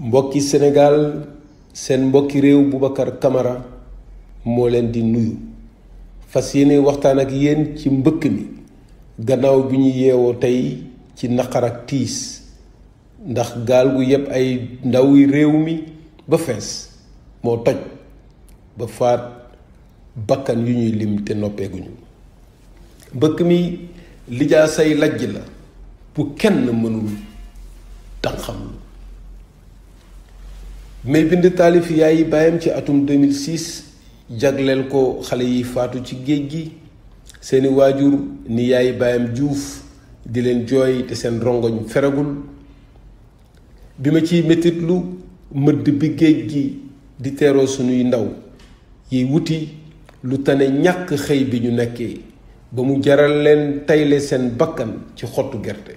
mbokki senegaal seen mbokki réew Boubacar kamara moo leen di nuyu fas yéene waxtaan ak yéen ci mbëkk mi gannaaw bi ñu yeewoo tey ci naqar ak tiis ndax gaal gu yëpp ay ndawi réew mi ba fees moo toj ba faat bakkan yu ñuy lim te noppeeguñu mbëkk mi lijaa say lajj la bu kenn mënul tanxam may bind taalif yaay yi bàyyam ci atum 2006 jagleel ko xale yi faatu ci géej gi seeni waajur ni yaay baayam juuf di leen jooy te seen rongoñ feragul bi ma ciy métitlu mëdd bi géej gi di teeroo sunuy ndaw yi wuti lu tane ñàkk xëy bi ñu nekkee ba mu jaral leen tayle seen bakkan ci xottu gerte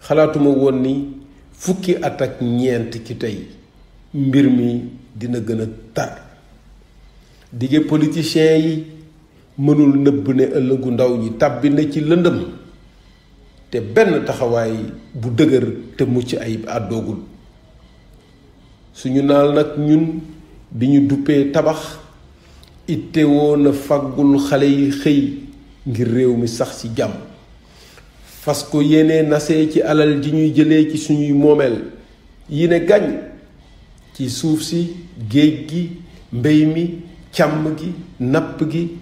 xalaatuma woon ni fukki at ak ñeent ci tey mbir mi dina gëna a tar dige politiciens yi mënul nëbb ne ëllëgu ndaw ñi tàbbi na ci lëndëm te benn taxawaay bu dëgër te mucc ayib àddoogul suñu naal nag ñun bi ñu duppee tabax ittewoo na faggul xale yi xëy ngir réew mi sax ci jàmm fas ko yéene nase ci alal ji ñuy jëlee ci suñuy moomeel yi ne gàññ ci suuf si géej gi mbéy mi càmm gi napp gi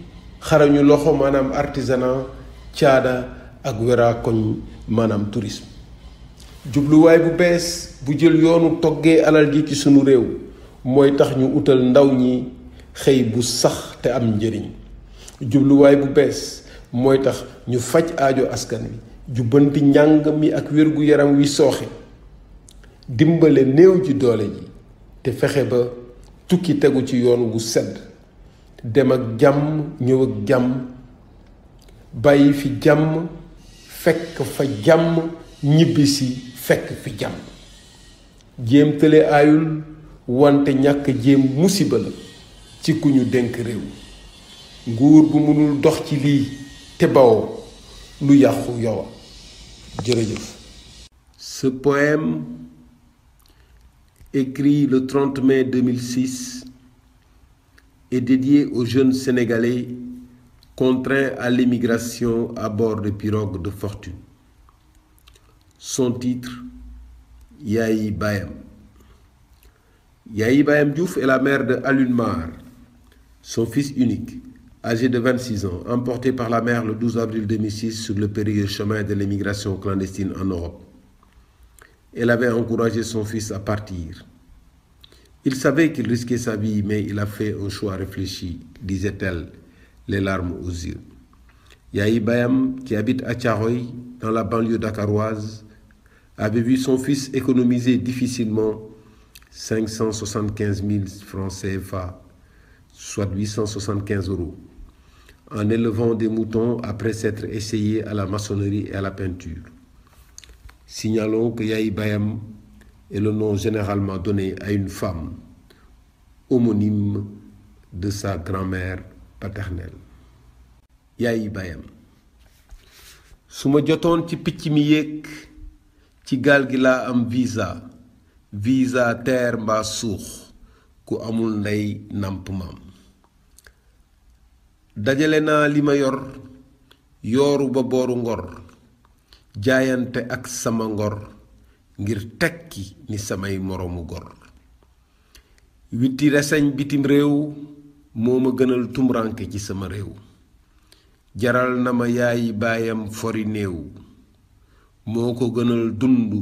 xarañu loxo maanaam artisanat caada ak weraakoñ maanaam tourisme jubluwaay bu bees bu jël yoonu toggee alal gi ci sunu réew mooy tax ñu utal ndaw ñi xëy bu sax te am njëriñ jubluwaay bu bees mooy tax ñu faj aajo askan wi jubbanti njàng mi ak wér yaram wi sooxe dimbale néew ji doole ji te fexe ba tukki tegu ci yoon wu sedd dem ak jàmm ñëw ak jàmm bàyyi fi jàmm fekk fa jàmm ñibbi fekk fi jàmm jéem tële wante ñàkk jéem musiba la ci ku ñu dénk réew nguur bu mënul dox ci lii te bawoo lu yàqu yowa jërëjëf ce poème écrit le 30 mai 2006, est dédié aux jeunes Sénégalais contraints à l'émigration à bord de pirogues de fortune. Son titre, Yahi Bayam. Yahi Bayam Diouf est la mère de Alun Mar, son fils unique, âgé de 26 ans, emporté par la mer le 12 avril 2006 sur le périlleux chemin de l'émigration clandestine en Europe. elle avait encouragé son fils à partir. Il savait qu'il risquait sa vie, mais il a fait un choix réfléchi, disait-elle, les larmes aux yeux. Yahi Bayam, qui habite à Tcharoy, dans la banlieue dakaroise, avait vu son fils économiser difficilement 575 000 francs CFA, soit 875 euros, en élevant des moutons après s'être essayé à la maçonnerie et à la peinture. Signalons que Yahi Bayam est le nom généralement donné à une femme homonyme de sa grand-mère paternelle. su ma jotoon ci picc mi yéeg ci gaal gi laa am visa visa terre mbaa suux ku amul ndey nàmp maam dajale naa li ma yor yooru ba booru ngor jaayante ak sama ngor ngir tekki ni samay moroomu gor witti reseñ bitim réew moo ma gënal tumranke ci sama réew jaral na ma yaayi baayam fori néew moo ko gënal dund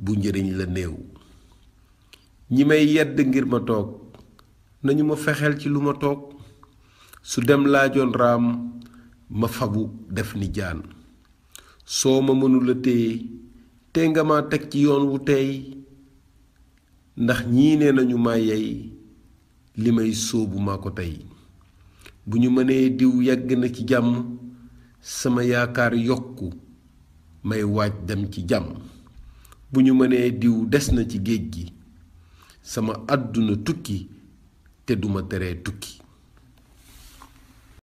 bu njëriñ la néew ñi may yedd ngir ma toog nañu ma fexeel ci lu ma toog su dem laajoon raam ma fabu def ni soo ma mënula téye tee nga ma teg ci yoon wu tey ndax ñii nee nañu ma yey li may sóobu maa ko tey bu ñu mënee diw yegg na ci jàmm sama yaakaar yokk may waaj dem ci jàmm bu ñu mënee diw des na ci géej gi sama àdduna tukki te duma tere tukki